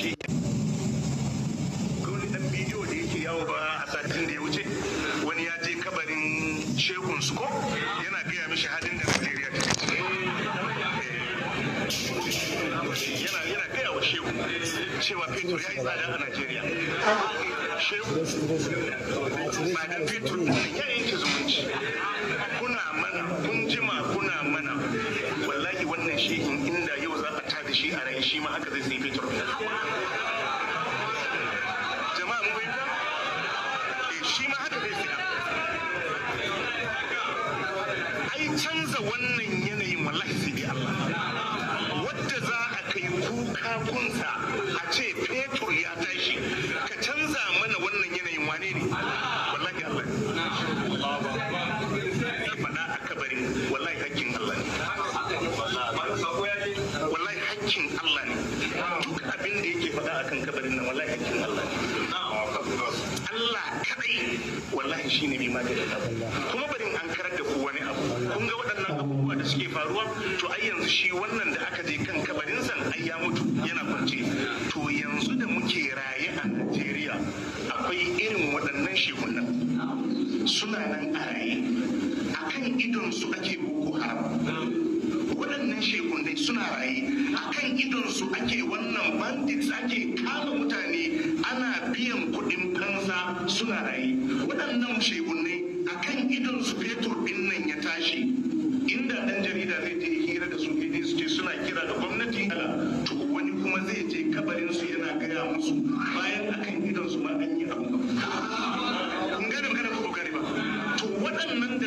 shi wani dan bidiyo da yake yawo ba a satin da ya wuce wani ya je kabarin shehun su ko yana gaya mishi halin da najeriya ta yana yana gaya wa shehu cewa fetur ya yi tsada a najeriya shehu ba da fetur ya yanke zumunci kuna mana kun jima kuna mana wallahi wannan shehin inda yau za da shi a shi ma haka zai sai fetur jama'a canza wannan yanayin wallahi sai wadda za a kai kuka kunsa a ce fetur ya tashi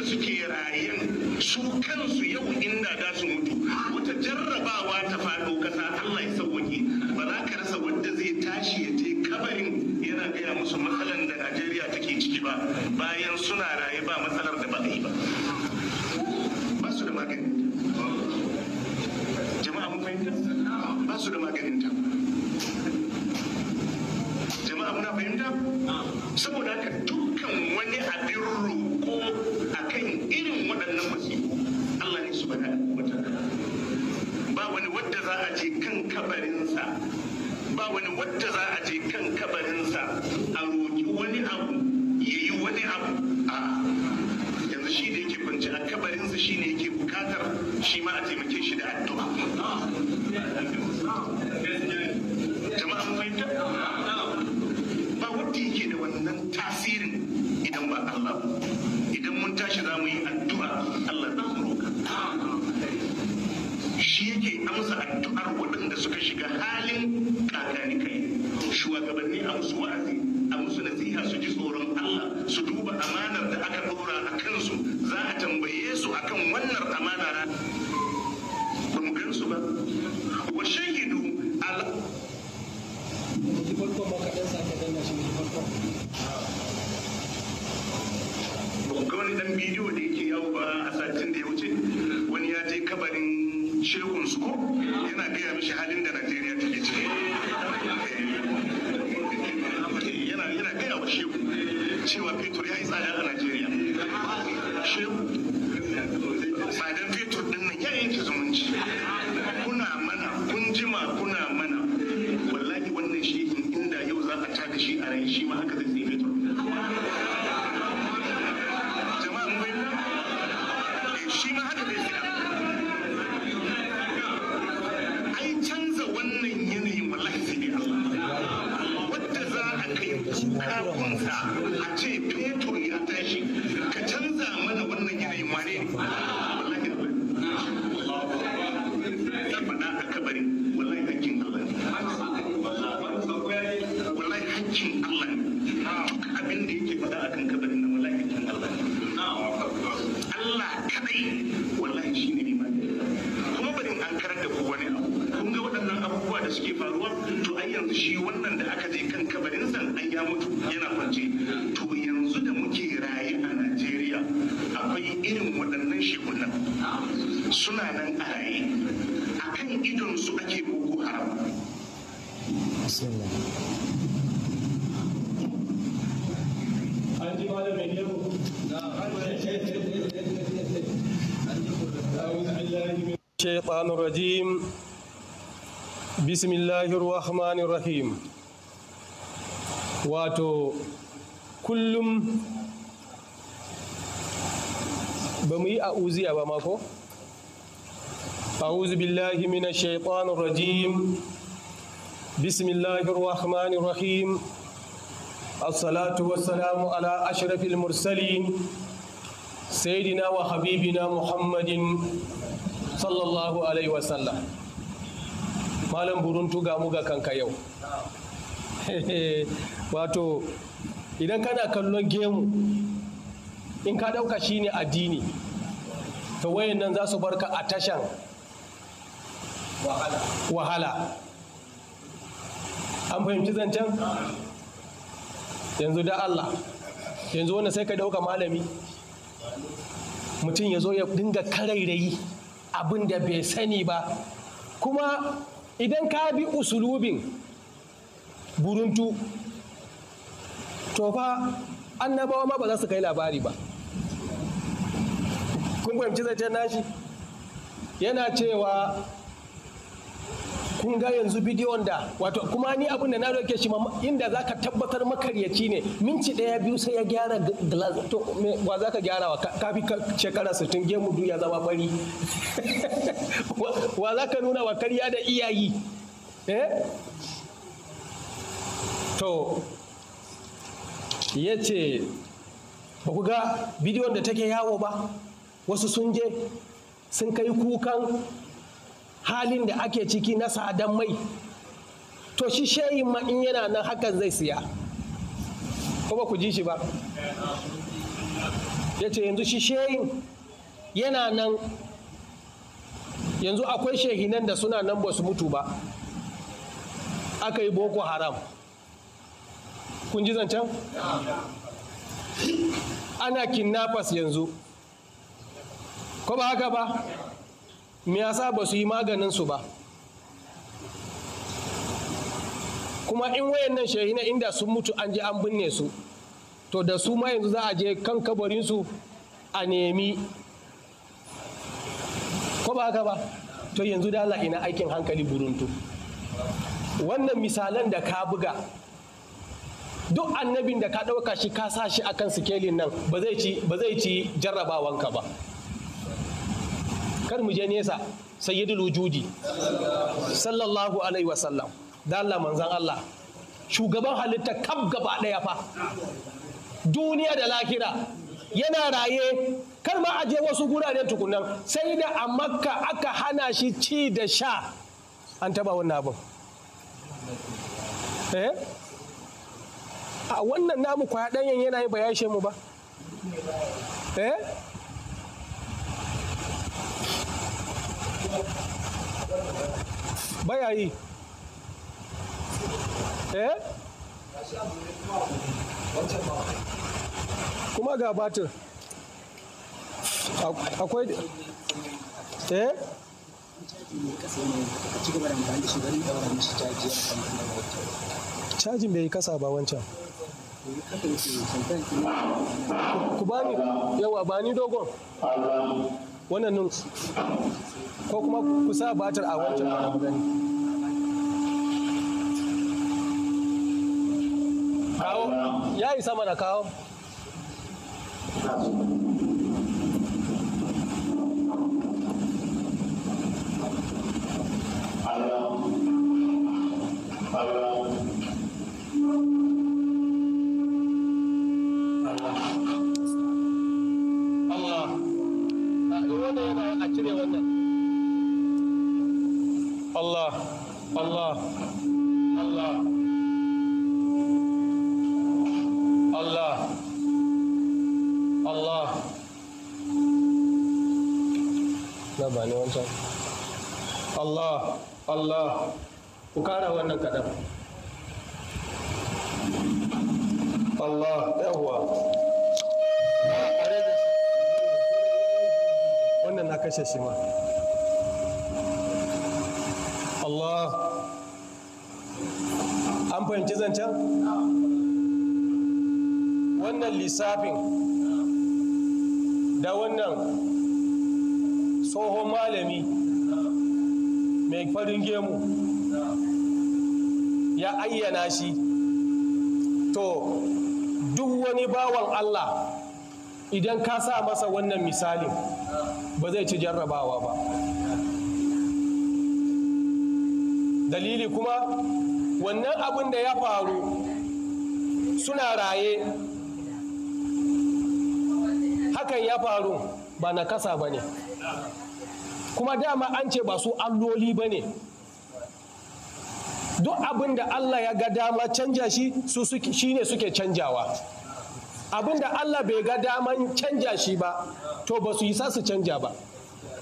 suke rayen su kansu yau inda da su mutu wata jarrabawa ta faɗo ƙasa Allah ya sauwaƙe ba za ka rasa wanda zai tashi ya je kabarin yana gaya musu matsalar da Najeriya take ciki ba bayan suna raye ba matsalar da ba yi ba ba su da magani jama'a mun fahimta ba su da maganin ta jama'a muna fahimta saboda haka a je kan kabarinsa ba wani wadda za a je kan kabarinsa a roƙi wani abu ya yi wani abu a yanzu shi da yake kwanci a kabarinsa shi ne yake bukatar shi ma a taimake bismillahir Rahmanir rahim wato kullum ba mu yi a uziya ba mako a'udhu billahi minash shaitanir rajim bismillahir rahmanir rahim al-salatu assalatu salamu ala ashrafil mursalin sayyidina wa habibina muhammadin sallallahu alaihi wa sallam. malam buruntu ga mu ga kanka yau wato idan kana kallon gemu in ka ɗauka shine addini ta wayan nan za su barka a tashan wahala an fahimci zancen yanzu da Allah yanzu wanda sai ka ɗauka malami mutum ya zo ya dinga karairayi abin da bai sani ba kuma idan ka bi usulubin buruntu tofa annabawa ma ba za su kai labari ba kun fahimci zancen nashi yana cewa kun ga yanzu bidiyon da wato kuma ni abin da na roke shi inda za ka tabbatar makaryaci ne minti daya biyu sai ya gyara glass to wa za ka gyara wa kafi shekara 60 gemu du zama bari wa za ka nuna wa karya da iyayi eh to yace ba ku ga bidiyon da take yawo ba wasu sun je sun kai kukan halin da ake ciki na sadan mai to shi shayin ma in yana nan hakan zai siya ko ba ku ji shi ba ya ce yanzu shi shayin yana nan yanzu akwai shehinan da suna nan ba su mutu ba aka yi boko haram kun ji zancen? ana kinnafas yanzu ko ba haka ba me yasa ba su yi maganin su ba kuma in wayannan shahina inda sun mutu an je an binne su to da su ma yanzu za a je kan kabarinsu a nemi ko ba haka ba to yanzu da ina aikin hankali buruntu wannan misalan da ka buga duk annabin da ka ɗauka shi ka sa shi akan sikelin nan ba zai ci jarrabawanka ba kar mu je nesa sayyidul wujudi sallallahu alaihi wasallam da Allah manzan Allah shugaban halitta kaf gaba daya fa duniya da lahira yana raye kar ma aje wasu guraren tukunan sai da a makka aka hana shi ci da sha an taba wannan abin eh a wannan namu kwaya ɗanyen yana yin bayashe mu ba eh baya yi eh kuma ga batir akwai eh cajin bai yi kasa ba wancan ku bani yawa bani dogon wannan nun ko kuma kusa sa batir a wancan mana gani kawo ya isa mana kawo Allah Allah ne wannan Allah Allah Allah Allah Allah na wancan Allah Allah ku kara wannan kadan Allah yawwa na kashe shi ma Allah an fahimci zancen wannan lissafin da wannan tsohon malami mai farin gemu ya ayyana shi to duk wani bawan Allah idan ka sa masa wannan misalin ba zai ci jarrabawa ba dalili kuma wannan abin da ya faru suna raye hakan ya faru ba na kasa ba ne kuma dama an ce ba su alloli ba ne duk abin da Allah ya ga dama canja shi su shi ne suke canjawa abinda Allah bai ga daman canja shi ba to ba su yi sa su canja ba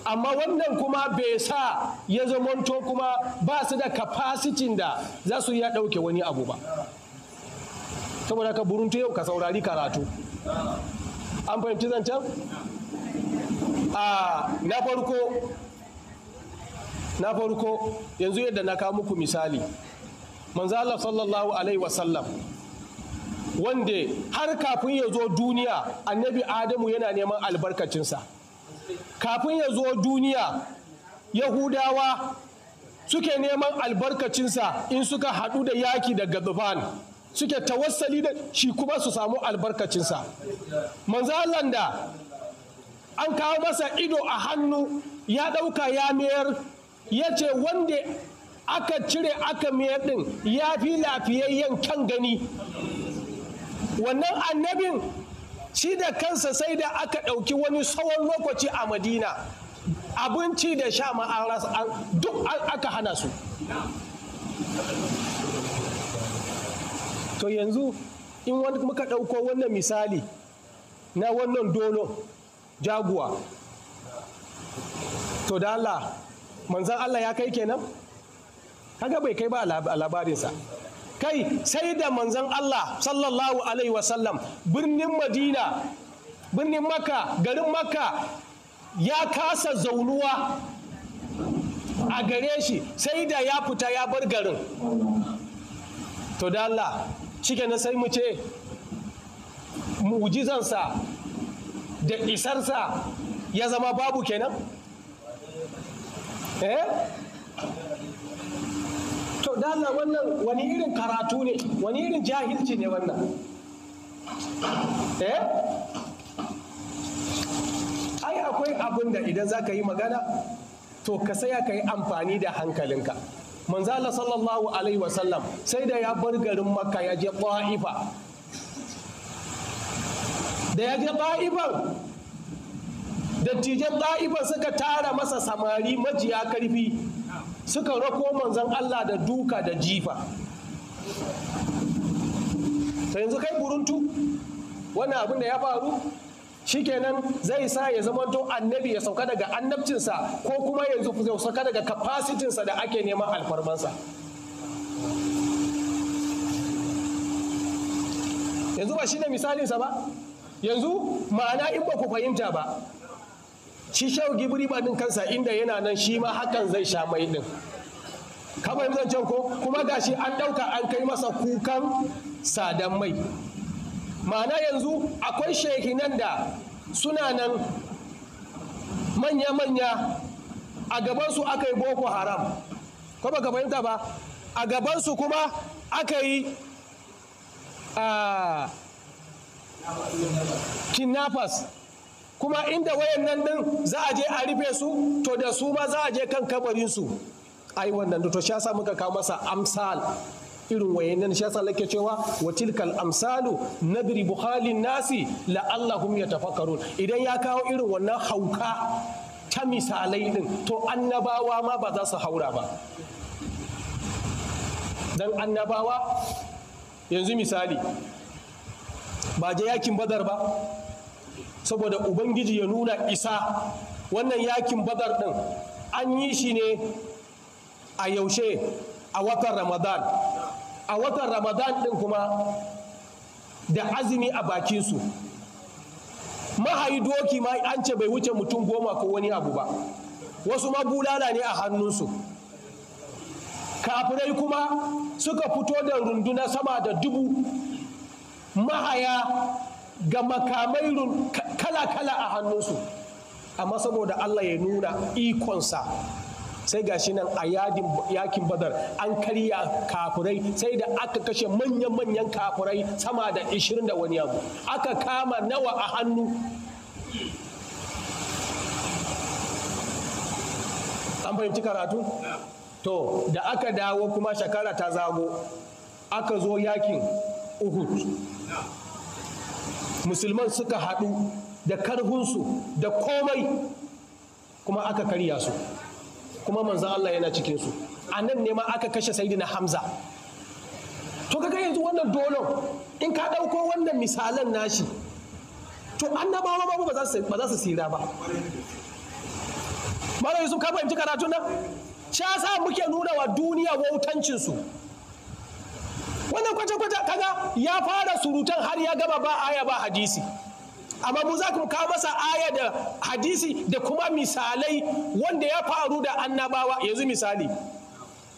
amma wannan kuma bai sa ya zamanto kuma ba su da capacity da za su iya ɗauke wani abu ba saboda ka burunta yau ka saurari karatu an fahimci zancen a na farko na farko yanzu yadda na kawo muku misali manzo Allah sallallahu alaihi wasallam wanda har kafin ya zo duniya annabi adamu yana neman albarkacinsa kafin ya zo duniya yahudawa suke neman albarkacinsa in suka haɗu da yaki da gabban suke tawassali da shi kuma su samu albarkacinsa manzalan da an kawo masa ido a hannu ya ɗauka ya mayar ya ce wanda aka cire aka mayar ɗin ya fi lafiyayyen kan gani wannan annabin shi da kansa sai da aka ɗauki wani tsawon lokaci a madina abinci da sha ma'ara duk aka hana su to yanzu in wani muka ɗauko wannan misali na wannan dolo jaguwa to da Allah manzan Allah ya kai kenan haka bai kai ba a labarinsa kai sai da manzon Allah sallallahu alaihi wasallam birnin Madina birnin Makka garin Makka ya kasa zaunuwa a gare shi sai da ya fita ya bar garin to da Allah cike na sai mu ce mu'jizansa da isarsa ya zama babu kenan eh to dala wannan wani irin karatu ne wani irin jahilci ne wannan eh ai akwai abin da idan za ka yi magana to ka saya ka yi amfani da hankalinka manzala sallallahu alaihi wasallam sai da ya bar garin makka ya je ƙwa'ifa da ya je ƙwa'ifan dattijan ɗa'ifa suka tara masa samari majiya karfi suka rako manzon Allah da duka da jifa ta yanzu kai buruntu wani abin da ya faru shi shikenan zai sa ya zama zamanto annabi ya sauka daga annabcinsa ko kuma ya sauka daga kapasitinsa da ake neman alfarmansa yanzu ba shi ne misalinsa ba yanzu ma'ana in ba ku fahimta ba shi shehu gibiri ba din kansa inda yana nan shi ma hakan zai sha mai din kamar yanzu can ko kuma gashi an ɗauka an kai masa kukan sadan mai ma'ana yanzu akwai shehinan da suna nan manya-manya a gabansu aka yi boko haram ko ba fahimta ba a gabansu kuma aka yi ah, kidnappers kuma inda wayan nan din za a je a rufe su to da su ma za a je kan kabarin su ai wannan to shi yasa muka kawo masa amsal irin wayannan shi yasa lake cewa wa tilkal amsalu nadri buhalin nasi allahum yatafakkarun idan ya kawo irin wannan hauka ta misalai din to annabawa ma ba za su haura ba dan annabawa yanzu misali ba je yakin badar ba saboda ubangiji ya nuna isa wannan yakin badar ɗin an yi shi ne a yaushe a watan ramadan a watan ramadan ɗin kuma da azumi a bakinsu mahayi doki ma an ce bai wuce mutum goma ko wani abu ba wasu ma bulala ne a hannunsu kafirai kuma suka fito da runduna sama da dubu mahaya ga makamai kala-kala a hannunsu amma saboda Allah ya nuna ikonsa sai gashi nan a yadin yakin badar an karya kafurai sai da aka kashe manyan-manyan kafurai sama da 20 da wani abu aka kama nawa a hannu an fahimci karatu to da aka dawo kuma shekara ta zago aka zo yakin uhud musulman suka haɗu da karhunsu da komai kuma aka karya su kuma manzan Allah yana cikinsu a nan ne ma aka kashe na hamza to kaga yanzu wannan dolon in ka ɗauko wannan misalan nashi to annabawa ba ba za su sira ba malam yusuf ka fahimci karatu nan shi sa muke nuna wa duniya wautancinsu wannan kwace-kwace kaga ya fara surutan har ya gaba ba aya ba hadisi amma mu za ku kawo masa aya da hadisi da kuma misalai wanda ya faru da annabawa yanzu misali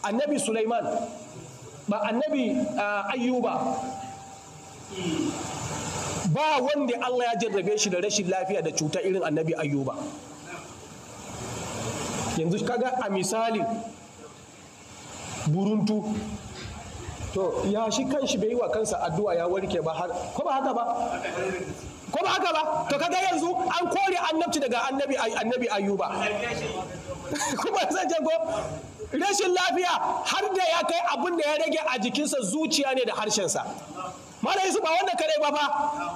annabi Sulaiman ba annabi ah, ayyuba ba wanda Allah ya jarrabe shi da rashin lafiya da cuta irin annabi ayyuba yanzu kaga a misali buruntu to ya shi kanshi bai yi wa kansa addu'a ya warke ba har ko ba haka ba ko ba haka ba to kaga yanzu an kore annabci daga annabi annabi ayyuba kuma zan je rashin lafiya har da ya kai abin da ya rage a jikinsa zuciya ne da harshensa malai su ba wanda kare ba fa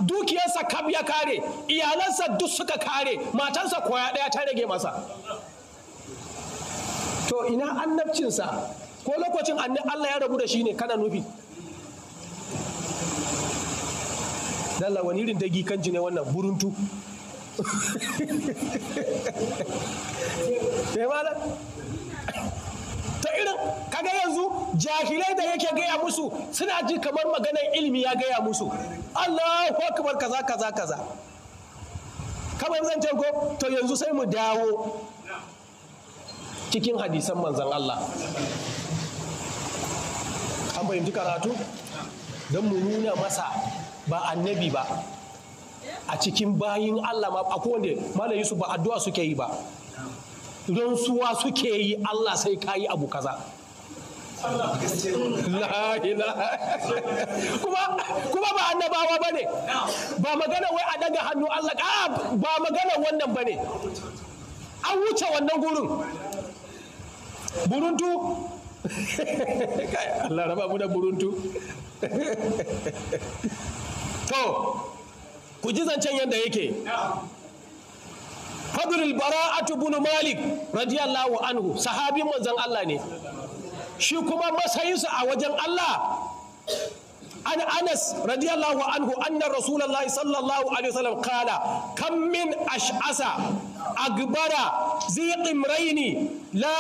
dukiyarsa kab ya kare iyalansa duk suka kare matansa koya daya ta rage masa to ina annabcinsa ko lokacin Allah ya rabu da shi ne kana nufi dalla wani irin dagi kanji ne wannan buruntu ta irin kaga yanzu jahilai da yake gaya musu suna ji kamar maganar ilimi ya gaya musu ko akbar kaza kaza kaza kamar zan ko to yanzu sai mu dawo cikin hadisan manzan Allah an fahimci karatu don mu nuna masa ba annabi ba a cikin bayin Allah ma akwai wanda malam Yusuf ba addu'a suke yi ba don suwa suke yi Allah sai k'a yi abu kaza kuma ba annabawa ba ne ba magana wai a daga hannu Allah ba magana wannan ba ne an wuce wannan gurin buruntu Allah raba mu da buruntu to ku ji zancen yadda yake fadlul bara'atu bin malik radiyallahu anhu sahabin manzon Allah ne shi kuma masayinsa a wajen Allah an anas radiyallahu anhu anna rasulullahi sallallahu alaihi wasallam qala kam min ash'asa agbara zi raini la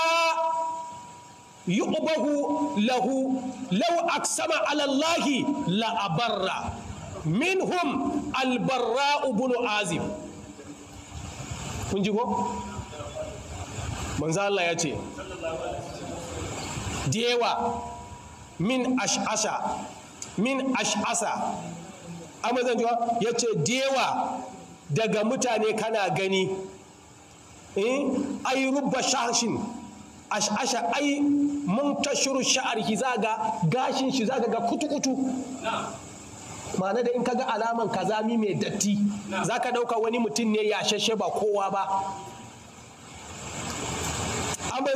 yuqbahu lahu law aksama ala allahi la abarra hum albarra'u bunu azim. kun ji ko manzo Allah ya ce dewa min ash'asha min ash'asa amma zan jiwa ya ce dewa daga mutane kana gani eh ai rubba shahshin ash'asha mun tashiru sha'arki zaga gashin shi zaga ga kutukutu ma'ana da in kaga alaman kazami mai datti za ka ɗauka wani mutum ne yashashe ba kowa ba amma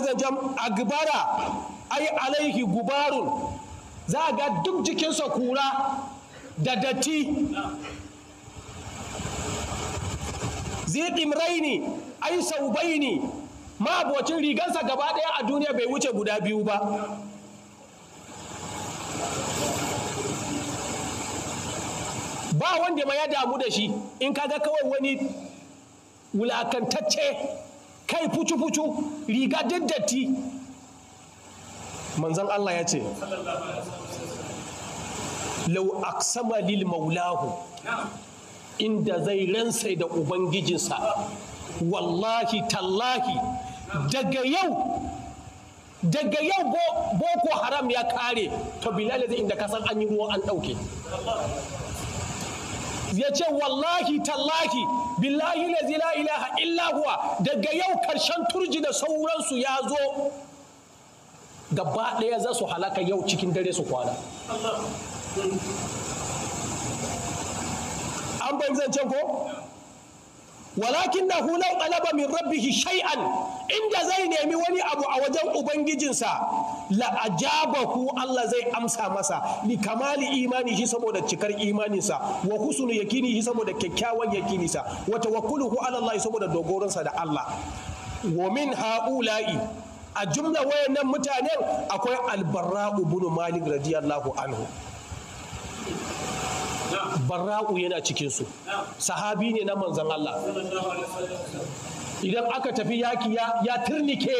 a gubara ai alaihi gubarun za a ga duk jikinsa kura da datti ziɗin raini ai saubaini ma abocin rigansa gaba ɗaya a duniya bai wuce guda biyu ba ba wanda ma ya damu da shi in ka ga kawai wani wulakantacce kai fucu-fucu riga daddatti manzan Allah ya ce lau aksama lil maulahu inda zai ransa da ubangijinsa wallahi tallahi daga yau daga yau boko haram ya kare to bilal inda kasan an yi ruwa an ɗauke ya ce wallahi tallahi billahi lazi la ilaha illa huwa daga yau karshen turji da sauransu ya zo gaba ɗaya za su halaka yau cikin dare su kwana an bai zancen ko walakin na hulau alaba min rabbihi shay'an inda zai nemi wani abu a wajen ubangijinsa la ajabahu Allah zai amsa masa Ni kamali imani shi saboda cikar imaninsa wa husnu yakini shi saboda kyakkyawan yakininsa wa tawakkuluhu ala Allah saboda dogoronsa da Allah wa min la'i, a jumla wayannan mutanen akwai albarra'u bunu malik radiyallahu anhu barra'u yana cikinsu sahabi ne na manzan Allah idan aka tafi yaki ya turnike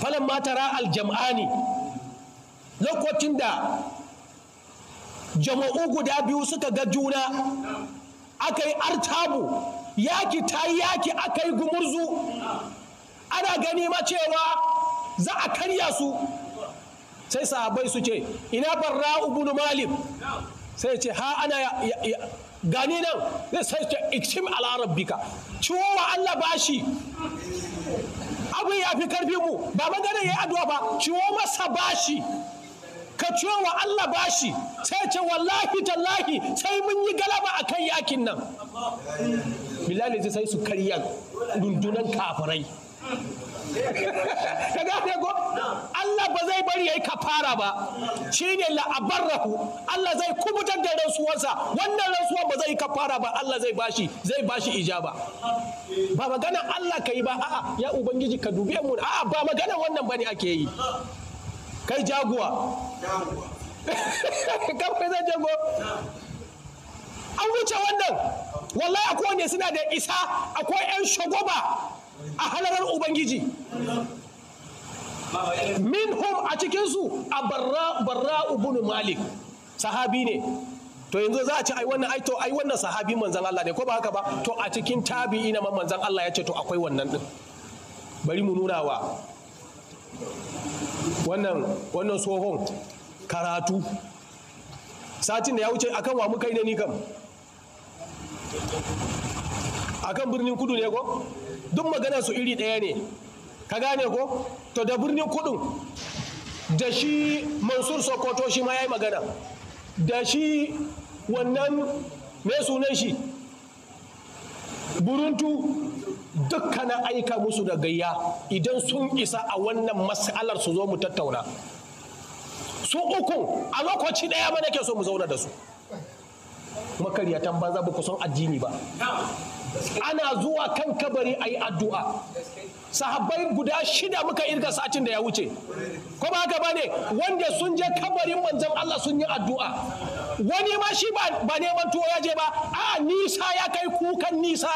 falon matara aljam'ani lokacin da jama'u guda biyu suka ga juna aka yi artabu yaki ta yi yaki aka yi gumurzu ana gani ma cewa za a karya su sai sahabai su ce ina barra ibn malik sai ce ha ana gani nan zai sai ce ikshim ala rabbika ciwo wa Allah bashi abin ya fi karfi mu ba magana yayi addu'a ba ciwo masa bashi ka ciwo wa Allah bashi sai ce wallahi tallahi sai mun yi galaba akan yakin nan bilal sai su karya dundunan kafirai ka ne ko Allah ba zai bari yayi kafara ba shine la abarrahu Allah zai kubutar da rasuwarsa wannan rasuwar ba zai kafara ba Allah zai bashi zai bashi ijaba ba maganar Allah ka yi ba a'a ya ubangiji ka dubi mu a'a ba maganar wannan bane ake yi kai jaguwa kawai zai jago an wuce wannan wallahi akwai ne suna da isa akwai 'yan shagoba a halarar ubangiji minhum a cikinsu a barra barra malik sahabi ne to yanzu za a ci ai wannan ai to ai wannan sahabi manzan Allah ne ko ba haka ba to a cikin tabi'i na manzan Allah ya ce to akwai wannan din bari mu nuna wa wannan wannan tsohon karatu satin da ya wuce akan wa mu kai ne ni kam akan birnin kudu ne ko duk magana su iri ɗaya ne ka gane ko to da birnin kudin da shi mansur sokoto shi ma ya yi magana da shi wannan me sunan shi buruntu dukkanin aika musu da gayya idan sun isa a wannan mas'alar su zo mu tattauna su uku a lokaci ɗaya mana ke so mu zauna da su makaryatan banza ba ku san addini ba ana zuwa kan kabari a yi addu'a sahabbai guda shida muka irga satin da ya wuce ko ba haka bane wanda sun je kabarin manzon Allah sun yi addu'a wani ma shi ba neman tuwo ya je ba a nisa ya kai kukan nisa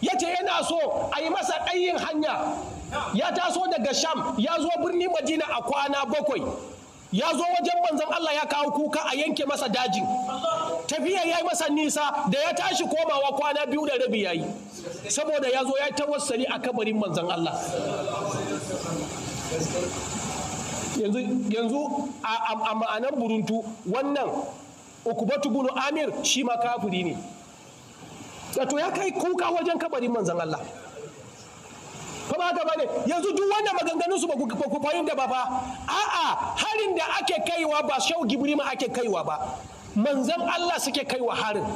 ya ce yana so a yi masa ɗayin hanya ya taso daga sham ya zo birnin madina a kwana bakwai ya zo wajen manzon Allah ya kawo kuka a yanke masa dajin tafiya ya yi masa nisa da ya tashi komawa kwana biyu da rabi ya yi saboda ya zo ya yi tawassali a kabarin manzon Allah yanzu a ma'anar buruntu wannan ukubatu bunu amir shi ma kafiri ne wato ya kai kuka wajen kabarin manzon Allah ko ba haka bane yanzu duk wannan maganganun su ba ku fahimta ba fa a'a harin da ake kaiwa ba shau gibri ma ake kaiwa ba manzan Allah suke kaiwa harin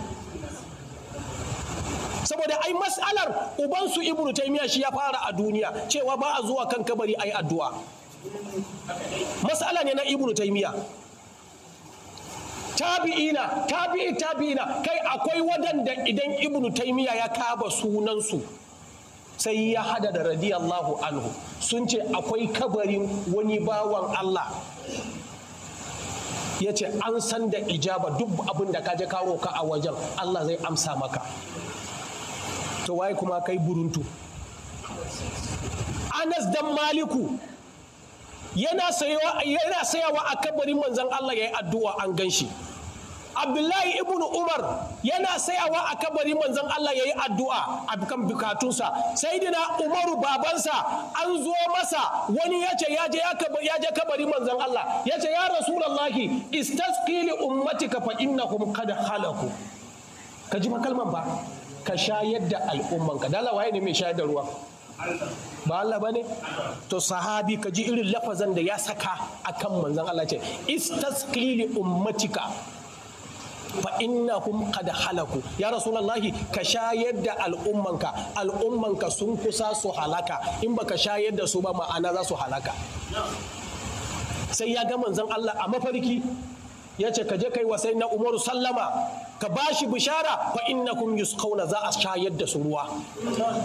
saboda ai mas'alar ubansu ibnu taymiya shi ya fara a duniya cewa ba a zuwa kan kabari ai addu'a mas'ala ne na ibnu taymiya tabi'ina tabi'i tabi'ina kai akwai wadanda idan ibnu taymiya ya kaba sunansu sai ya hada da radiyallahu anhu sun ce akwai kabarin wani bawan Allah ya ce an san da ijaba duk abin da kaje ka roka a wajen Allah zai amsa maka to waye kuma kai buruntu Anas dan Maliku yana sayawa a kabarin manzon Allah ya yi addu'a an ganshi shi abdullahi ibn umar yana sayawa a kabarin manzon Allah ya yi addu'a a kan bukatunsa Sai sayyidina umaru babansa an zo masa wani ya ce ya je kabarin manzon Allah Ya ce ya rasulullahi istasqi li ummatika fa innahum qad halaku ka ji makalman ba ka shayar da al'ummanka dala waye ne mai shayar da ruwa ba Allah ba ne? To sahabi ka ji irin lafazan da ya saka a kan manzan Allah ce, istasqili ummatika fa innahum qad halaku ya rasulullahi ka shayar da al'ummanka al'ummanka sun kusa su halaka in baka shayar da su ba ma'ana za su halaka sai ya ga manzon Allah a mafarki ya ce ka je kai wa sai na umaru sallama ka bashi bishara fa innakum yusqawna za a shayar da su ruwa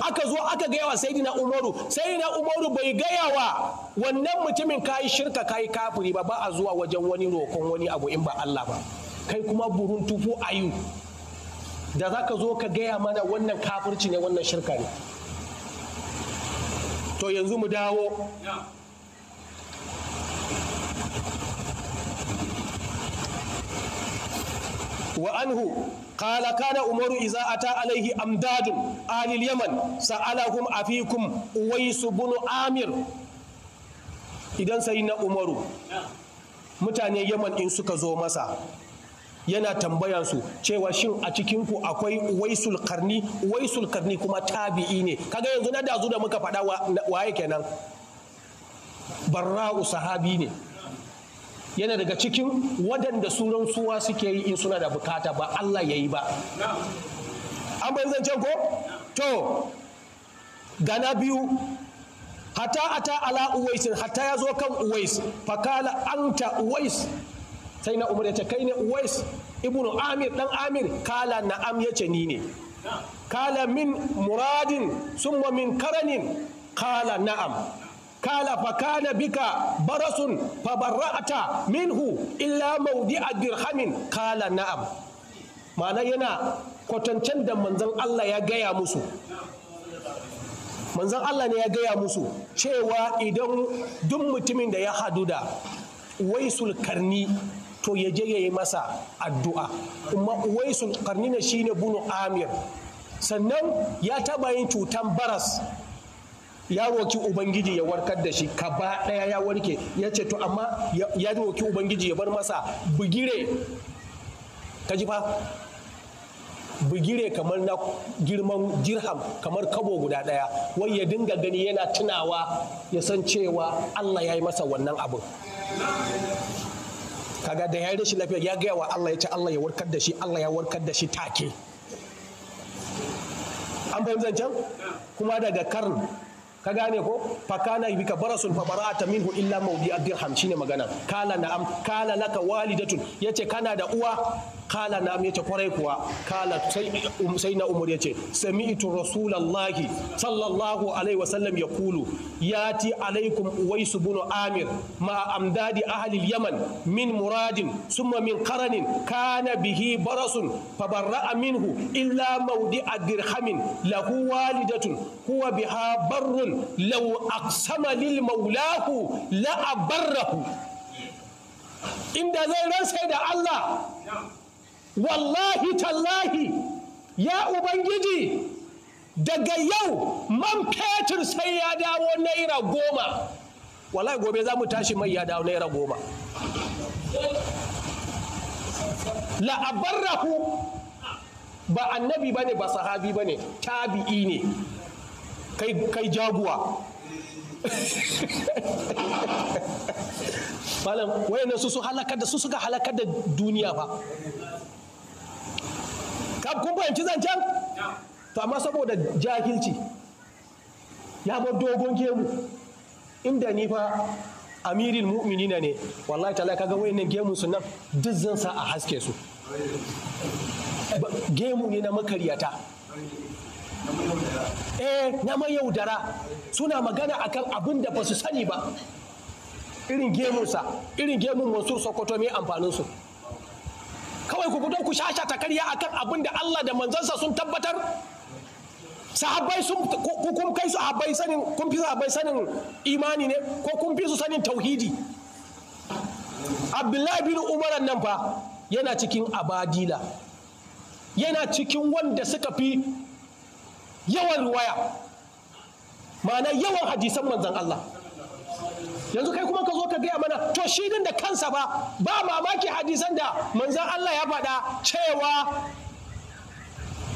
aka zo aka gaya wa Saidina umaru na umaru bai gaya wa wannan mutumin kai shirka kai kafiri ba ba a zuwa wajen wani rokon wani abu in ba Allah ba kai kuma burin tufu a yi da za ka zo ka gaya mana wannan kafirci ne wannan shirka to yanzu mu dawo wa anhu kala kana umaru iza ta alaihi amdadun alil yaman sa'alahum afikum uwaisu bunu amir idan na umaru mutane yaman in suka zo masa yana tambayan su cewa shin a cikin ku akwai waisul karni waisul karni kuma tabi'i ne kaga yanzu na dazu da muka faɗa waye kenan barra'u sahabi ne yana daga cikin waɗanda su suwa suke yi in suna da bukata ba Allah ya yi ba an bai zance ko to gana biyu hata ata ala uwaisin hata ya zo kan uwais fakala anta uwais sai na umar ya ce kai ne uwais ibnu amir dan amir kala na'am ya ce ni ne kala min muradin summa min karanin kala na'am kala fakana bika barasun fabarra'ata minhu illa maudi'a dirhamin kala na'am ma'ana yana kwatancen da manzon Allah ya gaya musu manzon Allah ne ya gaya musu cewa idan duk mutumin da ya hadu da waisul karni to ya je ya yi masa addu'a kuma uwaisul karnina shine bunu amir sannan ya taba yin cutan baras ya roki ubangiji ya warkar da shi kaba daya ya warke ya ce to amma ya roki ubangiji ya bar masa bugire ka ji fa bugire kamar na girman jirham kamar kabo guda ɗaya wai ya dinga gani yana tunawa ya san cewa Allah ya yi masa wannan abin kaga da ya rashin lafiya ya gaya wa Allah ya ce Allah ya warkar da shi Allah ya warkar da shi take an fahimci zancen kuma daga karn ka gane ko fakana bika barasun a bara'ata minhu illa mawdi'a dirham shine magana kana na kana laka walidatun yace kana da uwa kala na ya yace kwarai kuwa kala um, sai na umar yace. sami'tu rasulallahi sallallahu alaihi wasallam ya kulu ya alaikum uwaisu bunu amir ma amdadi ahli yaman min muradin summa min karanin kana bihi barasun fabarra'a minhu illa maudi adirhamin dirhamin lahu walidatun huwa biha barrun law aqsama lil maulahu la abarrahu inda zai ransa da Allah wallahi tallahi ya ubangiji daga yau man fetur sai ya dawo naira goma wallahi gobe za mu tashi mai ya dawo naira goma la'abarrahu ba annabi bane ba sahabi bane tabi'i ne kai jaguwa malam wayannan su su halakar da su suka halakar da duniya ba kun fahimci zancen to amma saboda jahilci ya bar dogon gemu inda ni fa amiril mu'minina ne wallahi ta'ala ga wayannan gemun su nan duk zan sa a haske su gemu ne na makaryata eh na mai yaudara suna magana akan abin da ba su sani ba irin gemunsa irin gemun mansur sokoto mai amfanin su kawai ku fito ku shasha ta karya kan abin da Allah da manzansa sun tabbatar sahabbai sun kun kai sanin kun fi abai sanin imani ne ko kun fi su sanin tauhidi Abdullahi bin Umar nan fa yana cikin abadila yana cikin wanda suka fi yawan ruwaya ma'ana yawan hadisan manzan Allah yanzu kai kuma ka zo ka gaya mana to shi din da kansa ba ba mamaki hadisan da manzan Allah ya faɗa cewa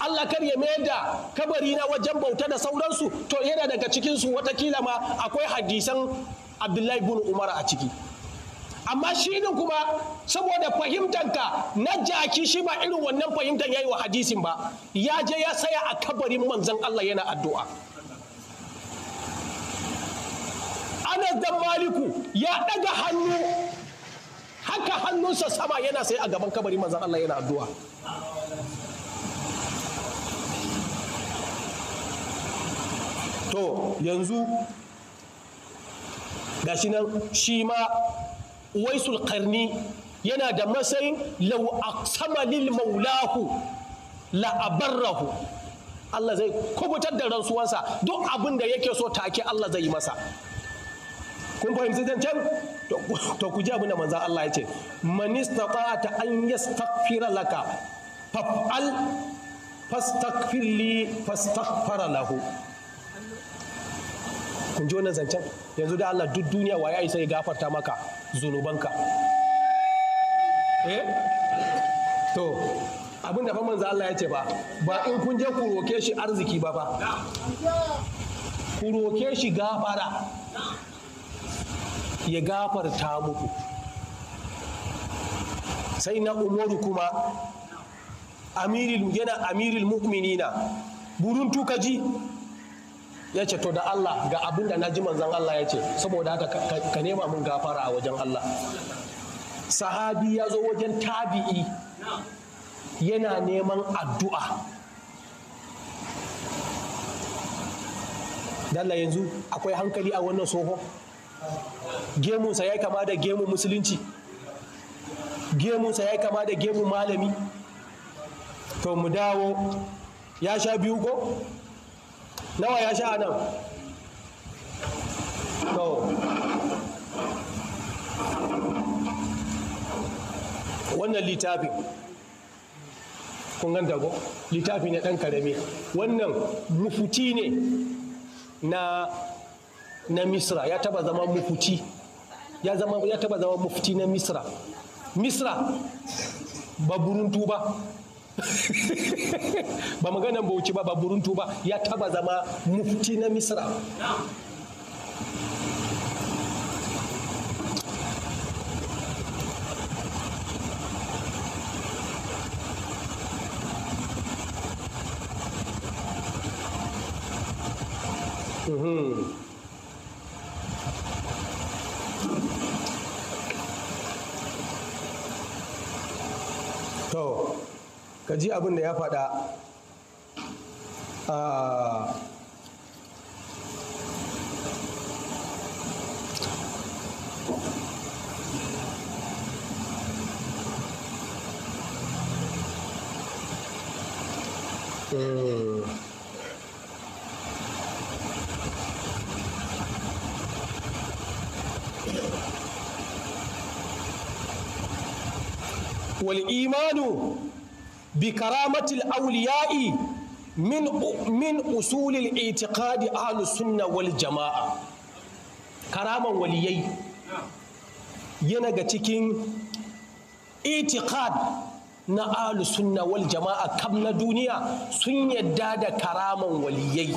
Allah kar ya mayar da kabari na wajen bauta da sauransu to yana daga cikin cikinsu watakila ma akwai hadisan Abdullahi ibn Umar a ciki. amma shi din kuma saboda fahimtanka na jaki shi ba irin wannan fahimtar yayi wa hadisin ba ya je ya saya a kabarin manzon Allah yana addu'a anas dan maliku ya ɗaga hannu haka hannunsa sama yana sai a gaban kabari manzan Allah yana addu'a to yanzu shi nan shi ma waisul karni yana da matsayin lau sama lil maulahu la'abarrahu Allah zai kubutar da rantsuwansa duk abin da yake so take Allah zai yi masa kun fahimci zancen to ku ji abin da manzan Allah ya ce manista istata'ata an yastaghfira laka fa'al fastaghfir li fastaghfara lahu kun ji wannan zancen yanzu da Allah duk duniya wa ya isa ya gafarta maka zunubanka eh to abin da fa manzo Allah ya ce ba ba in kun je ku roke shi arziki ba ba ku roke shi gafara ya gafarta muku sai na umaru kuma amiril yana amiril mu'minina burin tukaji ya ce to da Allah ga abin da na ji manzan Allah ya ce saboda haka ka nema mun gafara a wajen Allah sahabi ya zo wajen tabi'i yana neman addu'a dalla yanzu akwai hankali a wannan soho gemunsa ya kama da gemun musulunci gemunsa ya kama da gemun malami to mu dawo ya sha biyu ko nawa ya sha nan to wannan littafin kun ganta ko littafi ne ɗan karami wannan mufuti ne na na misra ya taba zama mafuti ya zama ya taba zama mufti na misra misra ba buruntu ba ba maganan bauchi ba ba buruntu ba ya taba zama mufti na misra Mm-hmm. ka ji abin da ya faɗa ah, eh. wal bi karamatil auliya'i min min usulil itiqadi ahlus sunna wal jama'a karaman waliyai yana ga cikin itiqad na ahlus sunna wal jama'a kam na duniya sun yadda da karaman waliyai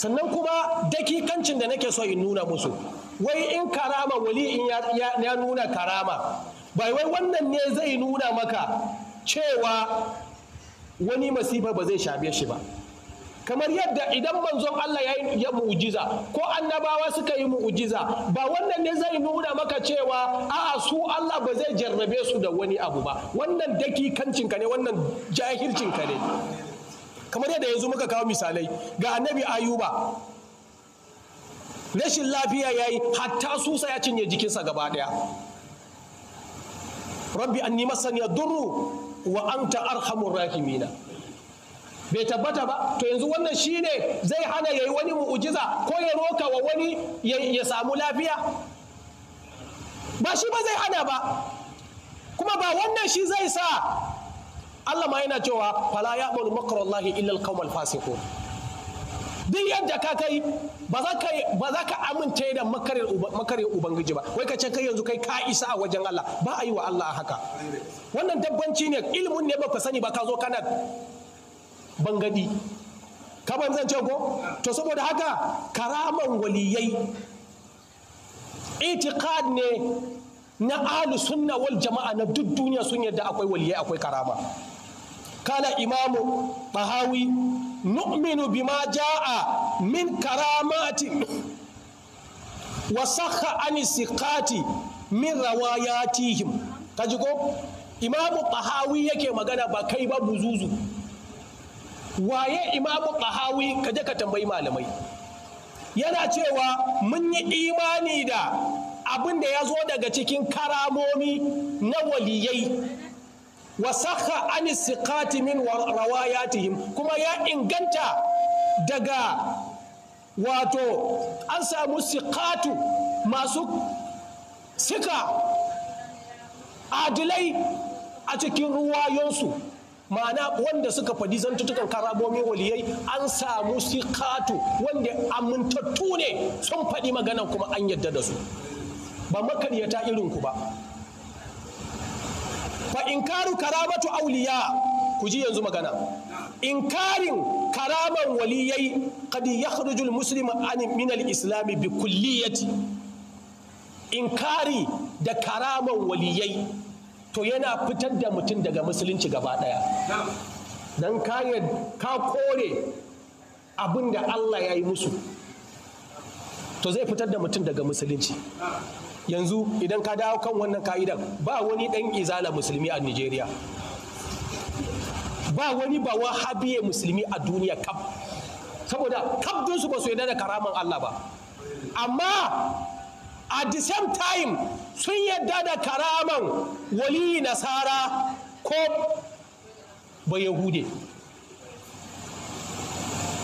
sannan kuma dakikancin da nake so in nuna musu wai in karama wali in ya nuna karama bai wai wannan ne zai nuna maka cewa wani masifa ba zai shafe shi ba kamar yadda idan manzon Allah ya yi mu'jiza ko annabawa suka yi mu'ujiza, ba wannan ne zai nuna maka cewa a'a su Allah ba zai jarrabe su da wani abu ba wannan dakikancin ka ne wannan jahilcin ka ne kamar yadda yanzu muka kawo misalai ga annabi ayuba rashin lafiya ya yi hatta susa ya cinye jikinsa gaba daya rabbi yi masaniya duru. wa anta arhamur rahimina bai tabbata ba to yanzu wannan shine zai hana yayi wani mu'ujiza ko ya roka wa wani ya samu lafiya ba shi ba zai hana ba kuma ba wannan shi zai sa Allah ma yana cewa fala ya'muru makarallahi illa alqawmal fasiqun duk yadda ka kai ba za ka amince da makarin ubangiji ba wai ka ce kai yanzu kai ka isa a wajen Allah ba a yi wa Allah haka wannan dabbanci ne ilimin ne baka sani ba ka zo kana bangadi ka ban zan ce ko to saboda haka karaman waliyai itiqad ne na ahlus sunna wal jama'a na duk duniya sun yadda akwai waliyai akwai karama kala imamu Bahawi. nu'minu bima ja'a min karamati wa sakha an siqati min rawayatihim kaji ko imamu qahawi yake magana ba kai ba buzuzu waye imamu qahawi kaje ka tambayi malamai yana cewa mun yi imani da abin da ya zo daga cikin karamomi na waliyai wa sakha an siqati min rawayatihim kuma ya inganta daga wato an samu siqatu masu sika adilai a cikin ruwayonsu ma'ana wanda suka faɗi zantutukan karabomin waliyai an samu sikatu wanda amintattu ne sun faɗi magana kuma an yadda da su ba makaryata irinku ba fa inkaru karamatu auliya ku ji yanzu magana inkarin karaman waliyai kadi yakhruju muslim an min islami bi kulliyati inkari da karaman waliyai to yana fitar da mutum daga musulunci gaba daya dan ka kore abinda Allah ya yi musu to zai fitar da mutum daga musulunci yanzu idan ka dawo kan wannan ka'idan ba wani dan izala musulmi a Nigeria ba wani ba habiye musulmi a duniya kab saboda kaf su ba su yarda da karaman Allah ba amma a the same time sun yarda da karaman wali nasara ko ba yahude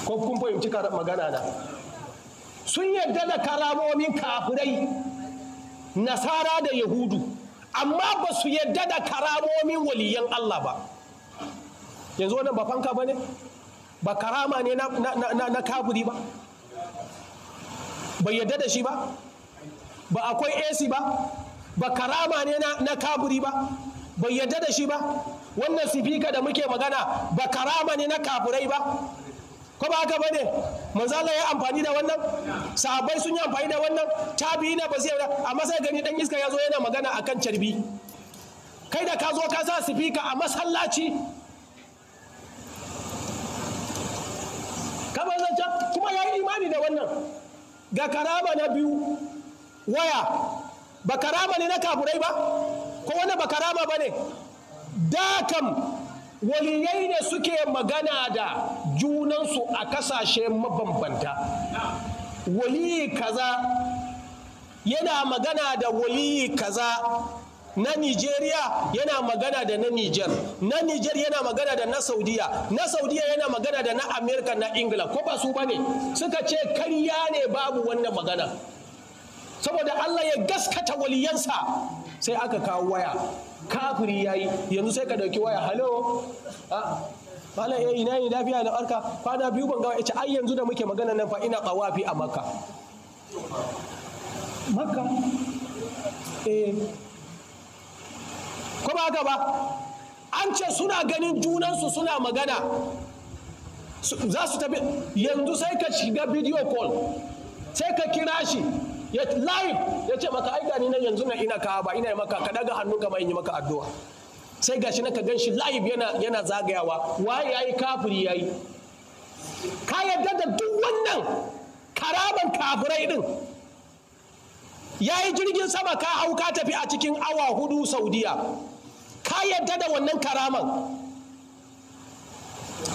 ko kun fahimci magana na sun yarda da karamomin kafirai nasara da yahudu amma ba su yadda da karamomin waliyan Allah ba yanzu wannan ba fanka ba ne ba karama ne na kaburi ba ba yadda da shi ba ba akwai AC ba ba karama ne na kaburi ba ba yadda da shi ba wannan sifika da muke magana ba karama ne na kaburai ba ko ba haka bane manzo Allah ya amfani da wannan sahabbai sun yi amfani da wannan tabi'i na ba zai amma sai gani dan iska ya zo yana magana akan carbi kai da ka zo ka sa sifika a masallaci Ka zan zancen kuma ya yi imani da wannan ga karama na biyu waya ba karama ne na kafurai ba ko wani ba karama ba ne da kam waliyai ne suke magana da junansu a kasashe mabambanta waliyi kaza yana magana da waliyi kaza na Nigeria yana magana da na Niger na Niger yana magana da na Saudiya na Saudiya yana magana da na Amerika na Ingila ko ba su ba ne? suka ce karya ne babu wannan magana saboda Allah ya gaskata waliyansa sai aka kawo waya kafiri ya yi, yanzu sai ka dauki waya halo ah, malam eh ina ne lafiya da barka kwana biyu ban gawa ita ai yanzu da muke magana nan fa ina kawafi a makka makka eh ko ba ba an ce suna ganin junansu suna magana za su tafi yanzu sai ka shiga video call sai ka kira shi ya layin ya ce maka ai gani na yanzu na ina kawa ba ina maka ka daga hannu kamar in yi maka addu'a sai gashi na ka gan shi layin yana yana zagayawa waye yayi kafiri yayi ka yarda da duk wannan karaman kafirai din yayi jirgin sama ka hau ka tafi a cikin awa hudu saudiya ka yarda da wannan karaman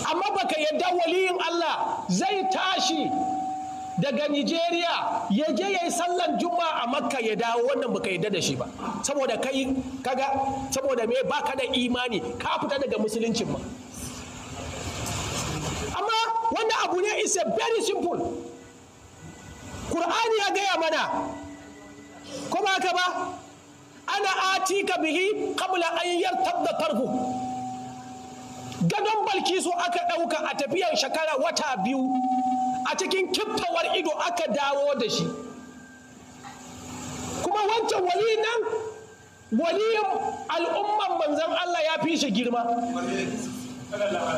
amma baka yadda waliyin Allah zai tashi daga Nijeriya, ya je ya yi sallan juma'a a Makka ya dawo wannan baka yarda da shi ba saboda kai kaga saboda me baka da imani ka fita daga musuluncin ma amma wanda abu ne is a very simple Qur'ani ya gaya mana kuma ba ka ba ana atika bihi qabla an yartabda tarhu gadon balkisu aka ɗauka a tafiyar shekara wata biyu a cikin kiffawar ido aka dawo da shi kuma wancan wali nan waliyin al'umman manzan Allah ya fi shi girma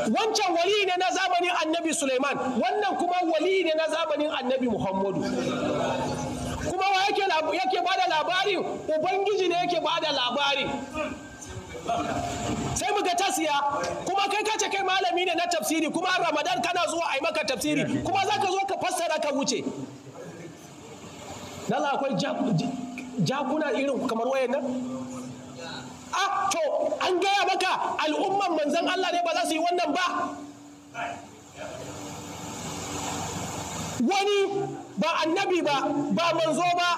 wancan wali ne na zamanin annabi Suleiman wannan kuma wali ne na zamanin annabi Muhammadu kuma wa yake yake bada labari ubangiji ne yake bada labari sai mu ga ta siya kuma kai ka ce kai malami ne na tafsiri kuma ramadan kana zuwa a maka tafsiri kuma za ka zo ka fassara ka wuce lalla akwai jakuna irin kamar wayan nan a ah, to an gaya maka al'umman manzan Allah ne ba za su yi wannan ba wani ba annabi ba ba manzo ba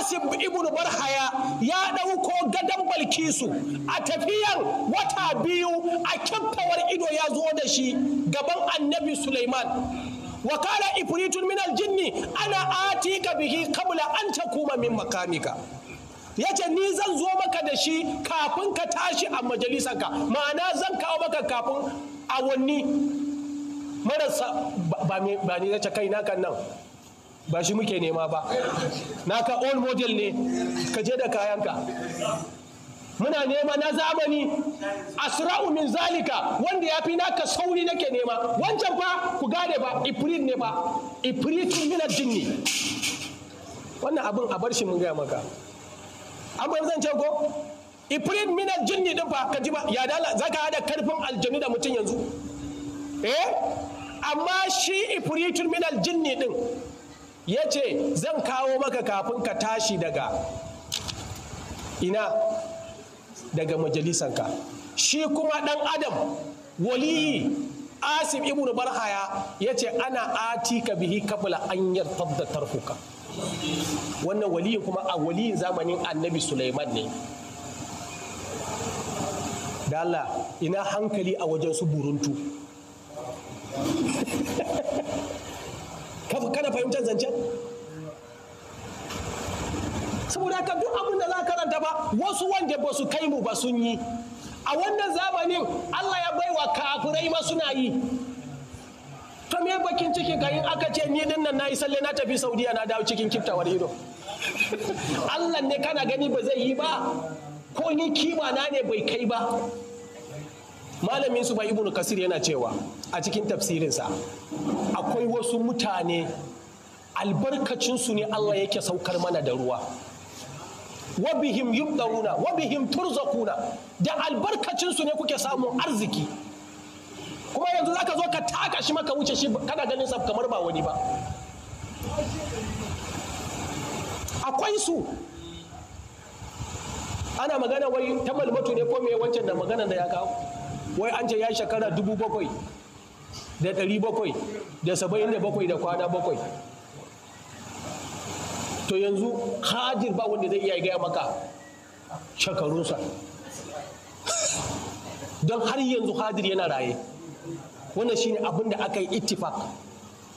asim ibn barhaya ya ɗauko gadon balkisu a tafiyar wata biyu a kyaftawar ido ya zo da shi gaban annabi suleiman wakala ifritun minal jinni ana ka bihi kabula an kuma min makamika ya ce ni zan zo maka da shi kafin ka tashi a majalisanka ma'ana zan kawo maka kafin awanni marasa ba ni zace kai na kan nan ba shi muke nema ba naka old model ne ka je da kayanka muna nema na zamani asra'u min zalika wanda ya fi naka sauri nake nema wancan fa ku gane ba ifrit ne ba ifritun min jinni wannan abin a bar shi mun gaya maka an bai zan ko ifrit min jinni din fa ka ji ba ya dala zaka hada karfin aljanu da mutum yanzu eh amma shi ifritun min jinni din ya ce zan kawo maka kafin ka tashi daga ina daga majalisanka shi kuma ɗan adam waliyi asim ibn barhaya ya ce ana ati ka bihi kabla an yartadda tarhuka wannan waliyi kuma a waliyin zamanin annabi sulaiman ne dala ina hankali a wajen su buruntu kana fahimtar zance saboda ka duk abin da za karanta ba wasu wanda ba su kai mu ba sun yi a wannan zamani Allah ya baiwa kafirai ma suna yi to me bakin cikin ka in aka ce ni dinnan na yi salle na tafi Saudiya na dawo cikin kiftawar ido Allah ne kana gani ba zai yi ba ko ni kima na ne bai kai ba malamin su ba ibnu kasir yana cewa a cikin tafsirinsa akwai wasu mutane albarkacinsu ne Allah yake saukar mana da ruwa wabihim yubdaruna wabihim turzakuna da albarkacinsu ne kuke samun arziki kuma yanzu zaka zo ka taka shi maka wuce shi kana ganin sa kamar ba wani ba akwai su ana magana wai ta malmatu ne ko me wancan da magana da ya kawo wai an ce ya shekara dubu bakwai da ɗari bakwai da saba'in da bakwai da kwana bakwai to yanzu hajir ba wanda zai iya gaya maka shekarunsa don har yanzu hajir yana raye wannan shine abin da aka yi ittifak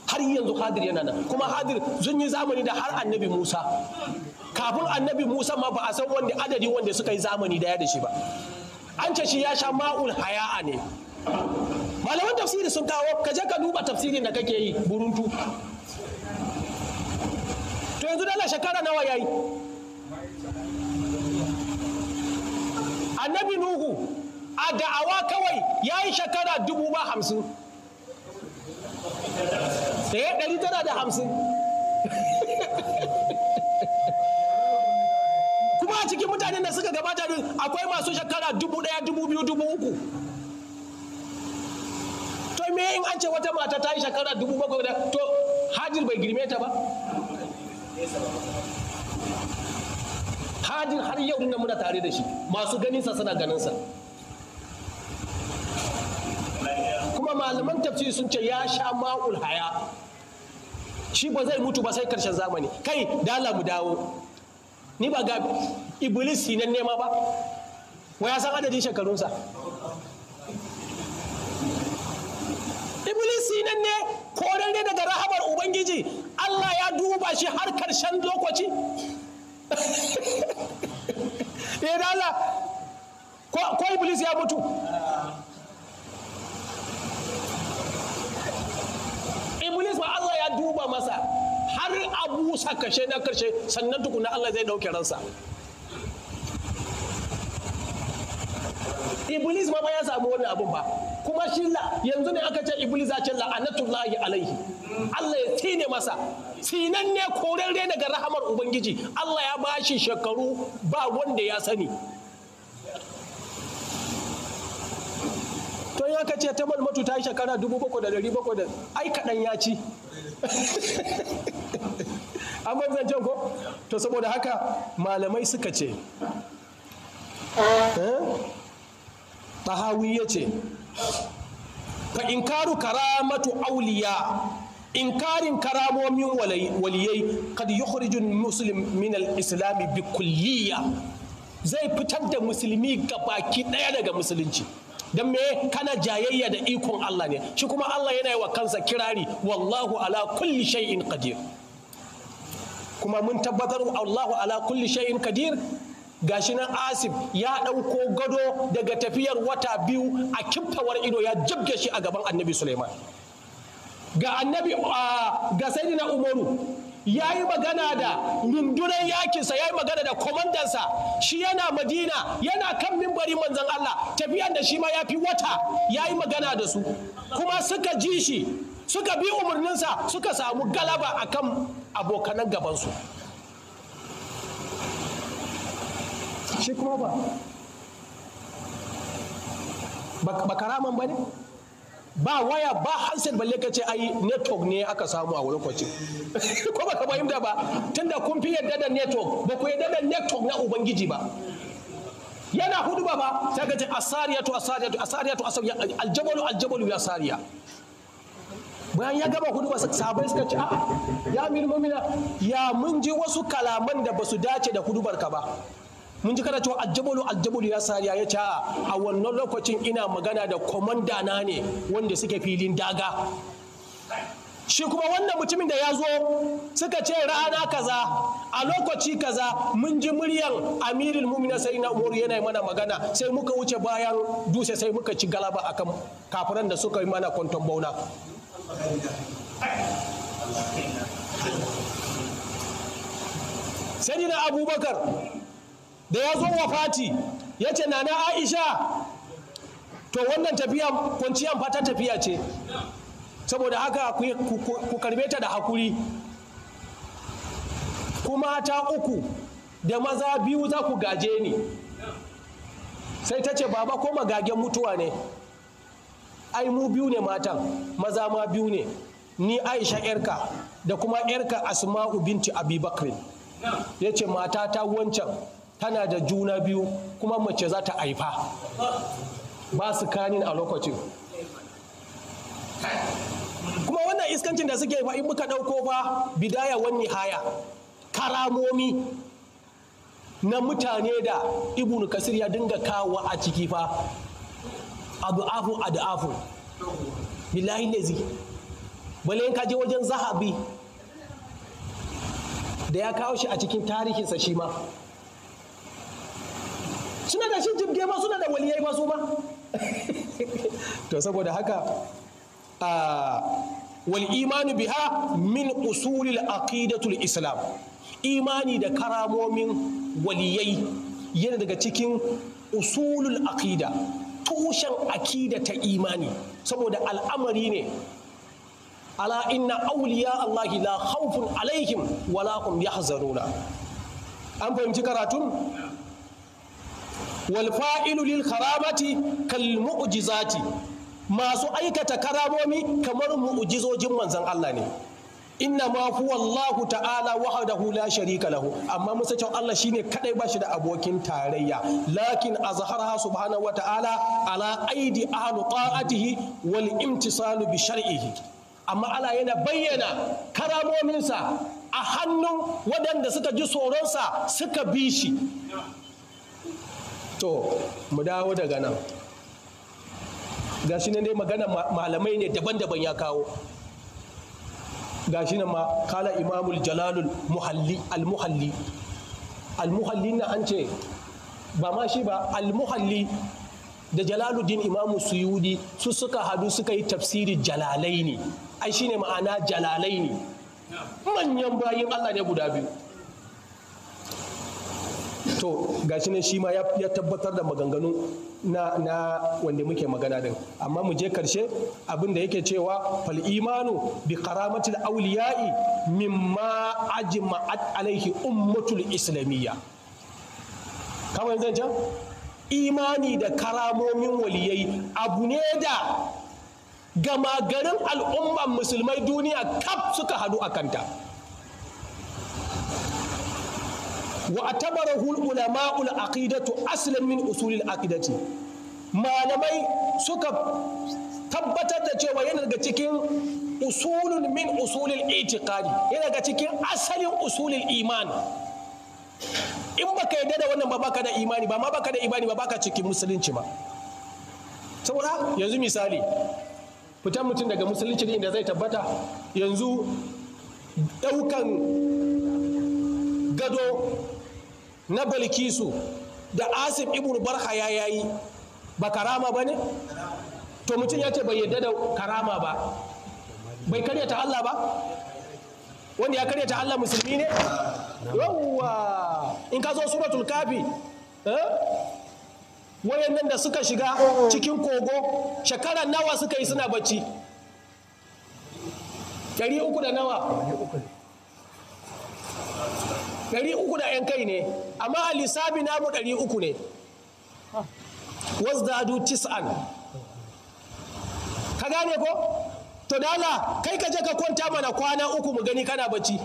har yanzu hadir yana nan kuma hadir sun yi zamani da har annabi musa kafin annabi musa ma ba a san wanda adadi wanda suka yi zamani daya da shi ba an ce shi ya sha ma'ul haya'a ne malaman tafsiri sun kawo ka je ka duba tafsirin da kake yi buruntu to yanzu dala shekara nawa yayi annabi nuhu a da'awa kawai ya yi shekara dubu ba hamsin eh ɗari tara da hamsin a cikin mutanen da suka gabata din akwai masu shekara dubu ɗaya dubu biyu dubu uku to me in an ce wata mata ta yi shekara dubu bakwai da to hajir bai girme ta ba hajir har yau nuna muna tare da shi masu ganinsa suna ganinsa kuma malaman tafsiri sun ce ya sha ma'ul haya shi ba zai mutu ba sai karshen zamani kai dala mu dawo ni ba ga iblis nan nema ba wa ya san adadin shekarunsa iblis nan ne korarre daga rahabar ubangiji allah ya duba shi har karshen lokaci ya eh, dala ko iblis ya mutu iblis ba allah ya duba masa har abusa sa kashe na karshe sannan tukuna Allah zai ɗauke ransa iblis ba ya samu wannan abun ba kuma shi yanzu ne aka ce iblis a ce la'anatullahi alaihi Allah ya tine masa sinan ne korarre daga rahamar ubangiji Allah ya bashi shekaru ba wanda ya sani don yanka ce ta malmatu ta yi shekara dubu bakwai da dari bakwai da ai kaɗan ya ci an zancen ko to saboda haka malamai suka ce eh? tahawi ya ce ka inkaru karamatu auliya inkarin karamomin waliyai kad yukhrijun muslim min al bi kulliya zai fitar da musulmi ga baki ɗaya daga musulunci Don me kana jayayya da ikon Allah ne shi kuma Allah yana yi wa kansa kirari wallahu ala kulli shay'in qadir kuma mun tabbatar Allahu ala kulli shay'in qadir gashi nan asif ya ɗauko gado daga tafiyar wata biyu a kiftawar ido ya jabge shi a gaban annabi suleiman ga annabi ah, ga sayyidina umaru ya yi magana da rundunar yakinsa ya yi magana da kwamandansa shi yana madina yana kan mimbari manzan Allah Tafiyar da shi ma ya fi wata ya yi magana da su kuma suka ji shi suka bi umarninsa suka samu galaba akan abokanan gabansu shi kuma ba ba karaman ba ne ba waya ba handset balle ka ce ai network ne aka samu a wurin kwacin ko ba ka fahimta ba tunda kun fi yadda da network ba ku yadda da network na ubangiji ba yana hudu ba ba sai ka ce asariyatu asariyatu asariyatu asariya aljabalu aljabalu ya asariya bayan ya gaba hudu ba sabai suka ce a'a ya mirmamina ya mun ji wasu kalaman da basu dace da hudubar ka ba mun ji kada cewa aljabalu aljabalu ya sariya ya ce a wannan lokacin ina magana da komanda na ne wanda suke filin daga shi kuma wannan mutumin da ya zo suka ce rana kaza a lokaci kaza mun ji muryar amirul mumina sai na umaru yana mana magana sai muka wuce bayan dutse sai muka ci galaba akan kafiran da suka yi mana kwanton bauna sai abubakar da ya zo wafati ya ce nana aisha to wannan tafiya kwanciyar fata tafiya ce saboda haka ku karbe ta da hakuri kuma ta uku da maza biyu za ku gaje ni sai ta ce baba ko magagen mutuwa ne ai mu biyu ne matan maza ma biyu ne ni aisha yarka da kuma yarka asma'u binti abubakar ya ce mata ta wancan tana da juna biyu kuma mace za ta haifa ba su kanin a lokacin kuma wannan iskancin da suke in muka ɗauko fa bidaya wani haya karamomi na mutane da Ibu kasir ya dinga kawo a ciki fa adu'afu adu'afu billahi lazi bale ka je wajen zahabi da ya kawo shi a cikin tarihinsa shi ma suna da shi jibge ma suna da waliyai ba su ma to saboda haka a wal imanu biha min usulil aqidatul islam imani da karamomin waliyai yana daga cikin usulul aqida tushen akida ta imani saboda al'amari ne ala inna awliya allahi la khawfun alaihim wala hum yahzaruna an fahimci karatun wal fa'ilu lil karamati kal masu aikata karamomi kamar mu'ujizojin manzon Allah ne inna ma huwa ta'ala wahdahu la sharika lahu amma musa san cewa Allah shine kadai bashi da abokin tarayya lakin azharaha subhanahu wa ta'ala ala aidi ahlu ta'atihi wal imtisalu bi shar'ihi amma Allah yana bayyana karamominsa a hannun waɗanda suka ji tsoronsa suka bi shi to mu dawo daga nan gashi nan dai magana malamai ne daban-daban ya kawo gashi nan ma kala imamul jalalul muhalli al-muhalli al-muhalli na an ce ba ma shi ba al-muhalli da jalaluddin imamu suyudi su suka hadu suka yi tafsirin jalalai ne ai shine ma'ana jalalai ne manyan bayin allah ne guda biyu to gashi ne shi ma ya tabbatar da maganganu na, na wanda muke magana din amma mu je karshe abin da yake cewa fal imanu bi karamatil auliya'i mimma ajma'at alaihi ummatul islamiyya kawai yanzu can imani da karamomin waliyai abu ne da gama garin al'umman musulmai duniya kaf suka hadu a kanta wa atabarahu ulama ul aqidatu aslan min usulil aqidati malamai suka tabbatar da cewa yana daga cikin usulun min usulil itiqadi yana daga cikin asalin usulil iman in baka yadda da wannan ba baka da imani ba ma baka da imani ba baka cikin musulunci ba saboda yanzu misali fitan mutum daga musulunci inda zai tabbata yanzu daukan gado na balkisu da asim ibn barha ya yayi ba karama ba ne to mutum ya ce bai yadda da karama ba bai karyata allah ba wanda ya karyata allah musulmi ne yawwa in ka zo suratul kafi eh? nan da suka shiga cikin kogo shekara nawa suka yi suna bacci ɗari uku da nawa ɗari uku da 'yan kai ne amma a lissafi namu ɗari uku ne wasdadu tis'an ka gane ko to dala kai ka je ka kwanta mana kwana uku mu gani kana bacci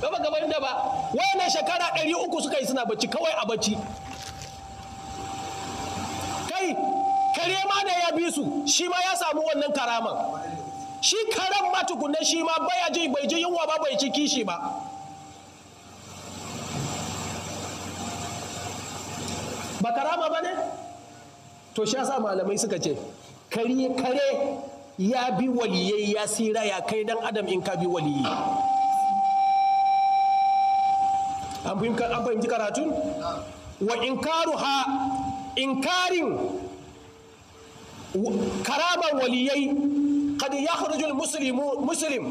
Gaba da ba wani shekara ɗari uku suka yi suna bacci kawai a bacci kai kare ma da ya bi su shi ma ya samu wannan karaman shi karan matukunan shi ma baya ji bai ji yunwa ba bai ci kishi ba ba karama ba ne to shi sa malamai suka ce kare kare ya bi waliyai ya sira ya kai dan adam in ka bi waliyai, an fahimci karatun wa inkaruha inkarin karaman waliyai kad ya harjul muslim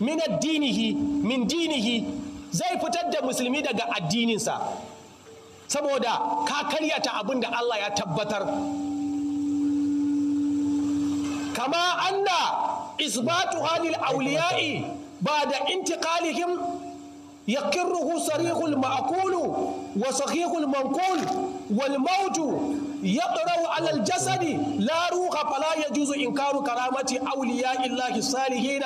min dinihi min dinihi zai fitar da musulmi daga addininsa saboda ka karyata abin da Allah ya tabbatar kama anna isbatu halil auliya'i ba da intiqalihim يقره صريح المأكول وصحيح المنقول والموت يقرأ على الجسد لا روح فلا يجوز إنكار كرامة أولياء الله الصالحين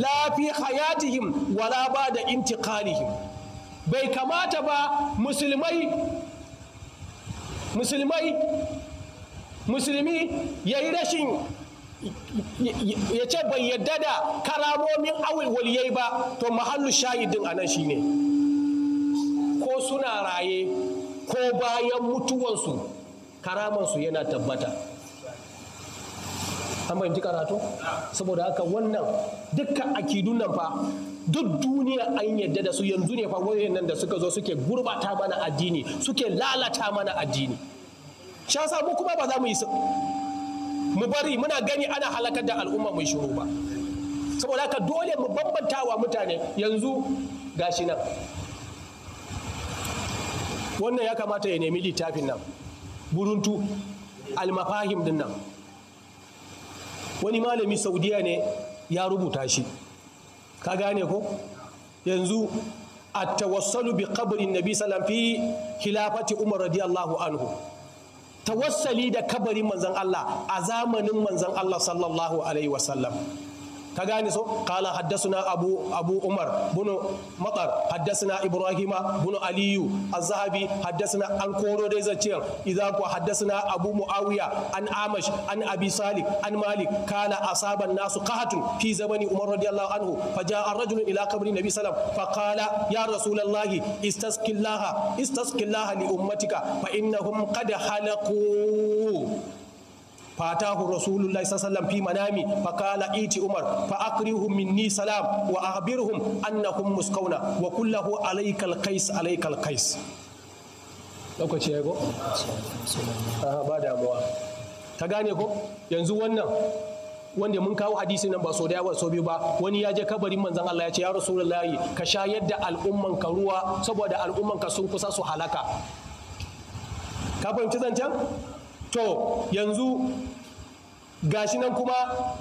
لا في حياتهم ولا بعد انتقالهم bai kamata ba musulmai musulmai musulmi ya yi rashin ya ce bai yadda da karamomin awul ba to mahallu shahidin a nan shine ko suna raye ko bayan mutuwansu karamansu yana tabbata an fahimci karatu saboda haka wannan dukkan akidun nan fa duk duniya an yadda da su yanzu ne fa wayoyin nan da suka zo suke gurbata mana addini suke lalata mana addini sha sa mu kuma ba za mu yi mu bari muna gani ana halakar da al'umma mai shiru ba saboda haka dole mu bambanta wa mutane yanzu gashi nan wannan ya kamata ya nemi littafin nan buruntu almafahim din nan wani malami saudiya ne ya rubuta shi ka gane ko yanzu a tawassalu bi kabarin Nabi عليه fi في Umar radiyallahu anhu. tawassali da kabarin manzon Allah a zamanin manzan Allah sallallahu alaihi wasallam ka gane so kala haddathana abu abu umar bunu matar haddathana ibrahima bunu aliyu az-zahabi haddathana an koro dai zacciyar idza ku haddathana abu muawiya an amash an abi salik an malik kana asaban nasu qahatun fi zamani umar radiyallahu anhu faja'a rajulun ila qabri nabi sallam faqala ya rasulallahi istaskillaha istaskillaha li ummatika fa innahum qad halaqu fatahu rasulullahi sallallahu fi manami fa qala iti umar fa akrihum minni salam wa ahbirhum annakum muskauna wa kullahu alaykal qais alaykal qais lokaci ya go ba damuwa ta gane ko yanzu wannan wanda mun kawo hadisi nan ba so da yawa so biyu ba wani ya je kabarin manzon Allah ya ce ya rasulullahi ka sha yadda al'ummanka ruwa saboda al'ummanka sun kusa su halaka ka fahimci zancen to yanzu gashi nan kuma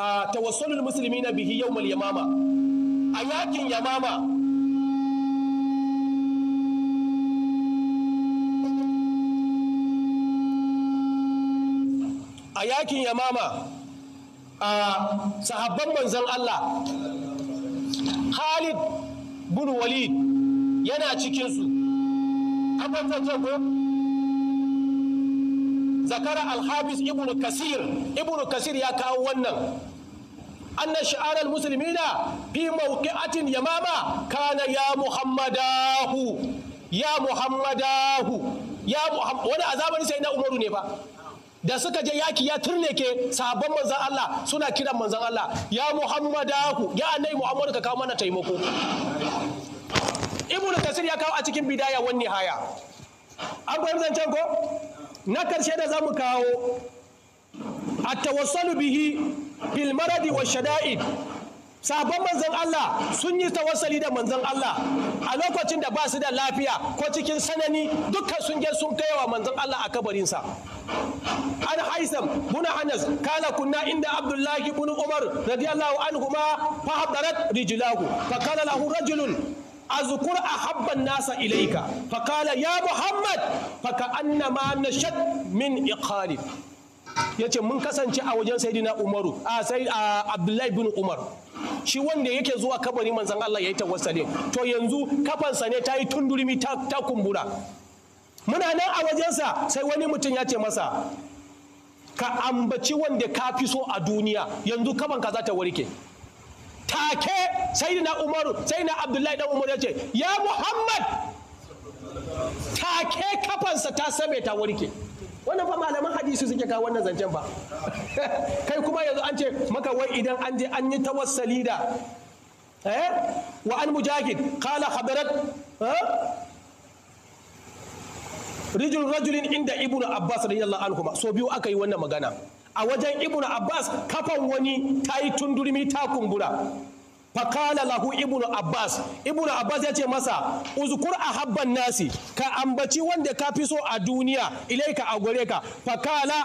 a tawassulul musulmi na bihi yau yamama a yakin yamama a yakin yamama a sahabban manzan Allah Khalid bin Walid yana cikinsu abin zan ce ko zakara alhabis kasir ibn kasir ya kawo wannan أن شعار المسلمين في موقعة يمامة كان ya Muhammadahu, ya محمداه Wani محمد sai na Umaru ne نفا da suka je yaki ya turneke sabon manzan Allah suna kiran manzan Allah ya Muhammadahu ya annabi Muhammadu ka kawo mana taimako ibnu kasir ya kawo a cikin bidaya wan nihaya an koyi zancen ko na karshe da zamu kawo at-tawassalu bihi fil maradi wa shada'id sabon manzon Allah sun yi tawassali da manzon Allah a lokacin da ba su da lafiya ko cikin sanani dukkan sun je sun kai wa manzon Allah a kabarinsa an haisam buna anas kala kunna inda abdullahi ibn umar radiyallahu anhu ma fa hadarat rijlahu fa qala lahu rajulun azukur a habban nasa ilaika fakala ya muhammad faka annama nashat min iqalib ya ce mun kasance a wajen saidina umaru a sai a abdullahi bin umar shi wanda yake zuwa kabari manzan Allah ya yi tawassalin to yanzu kafansa ne ta yi tundurimi ta kumbura muna nan a wajensa sai wani mutum ya ce masa ka ambaci wanda ka fi so a duniya yanzu kafanka za ta warke take sai na umaru sai na abdullahi dan umaru ya ce ya muhammad take kafansa ta same ta warke wannan fa malaman hadisi suke kawo wannan zancen ba kai kuma yanzu an ce maka wai idan an je an yi tawassali da eh wa an mujahid qala hadarat eh, rijul rajulin inda ibnu abbas radiyallahu anhu so biyu aka yi wannan magana a wajen ibnu abbas kafan wani ta yi tundurmi ta kumbura fakala lahu ibnu abbas ibnu abbas ya ce masa uzkur a habban nasi ka ambaci wanda ka fi so a duniya ilaika a gare ka fakala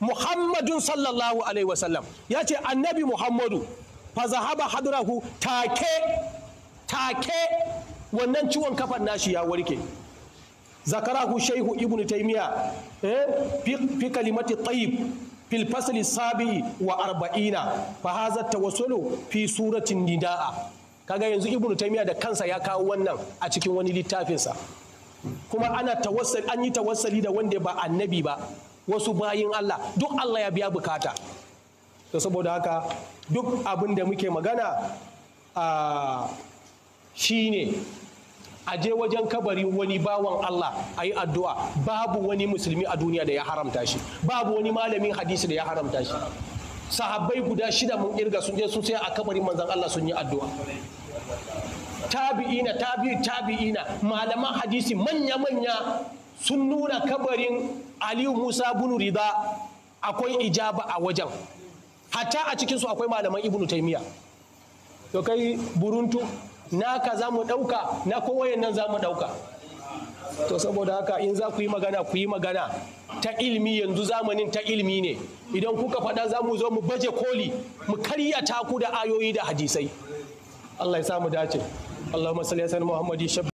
muhammadun sallallahu alaihi wasallam ya ce annabi muhammadu fa zahaba hadrahu take take wannan ciwon kafan nashi ya warke zakarahu shaihu ibnu taimiya eh fi kalimati tayyib fil fasli sabi'i wa arba'ina fa hadha tawassulu fi suratin nidaa kaga yanzu ibnu taymiya da kansa ya kawo wannan a cikin wani littafinsa kuma ana tawassali an yi tawassali da wanda ba annabi ba wasu bayin Allah duk Allah ya biya bukata to saboda haka duk abin da muke magana a ah, shine a je wajen kabari wani bawan Allah a yi addu'a babu wani musulmi a duniya da ya haramta shi babu wani malamin hadisi da ya haramta shi sahabbai guda shida mun kirga sun je sun sai a kabarin manzan Allah sun yi addu'a tabi'ina tabi'ina malaman hadisi manya manya sun nuna kabarin Aliyu Musa bin Rida akwai ijaba a wajen hatta a cikinsu akwai malaman Ibn taimiyya to kai buruntu naka za mu ɗauka na kowayen nan za mu ɗauka to saboda haka in za ku yi magana ku yi magana ta ilimi yanzu zamanin ta ilimi ne idan kuka faɗa za mu zo mu baje koli mu karya taku da ayoyi da hadisai Allah ya samu dace Allahumma salli ala Muhammadi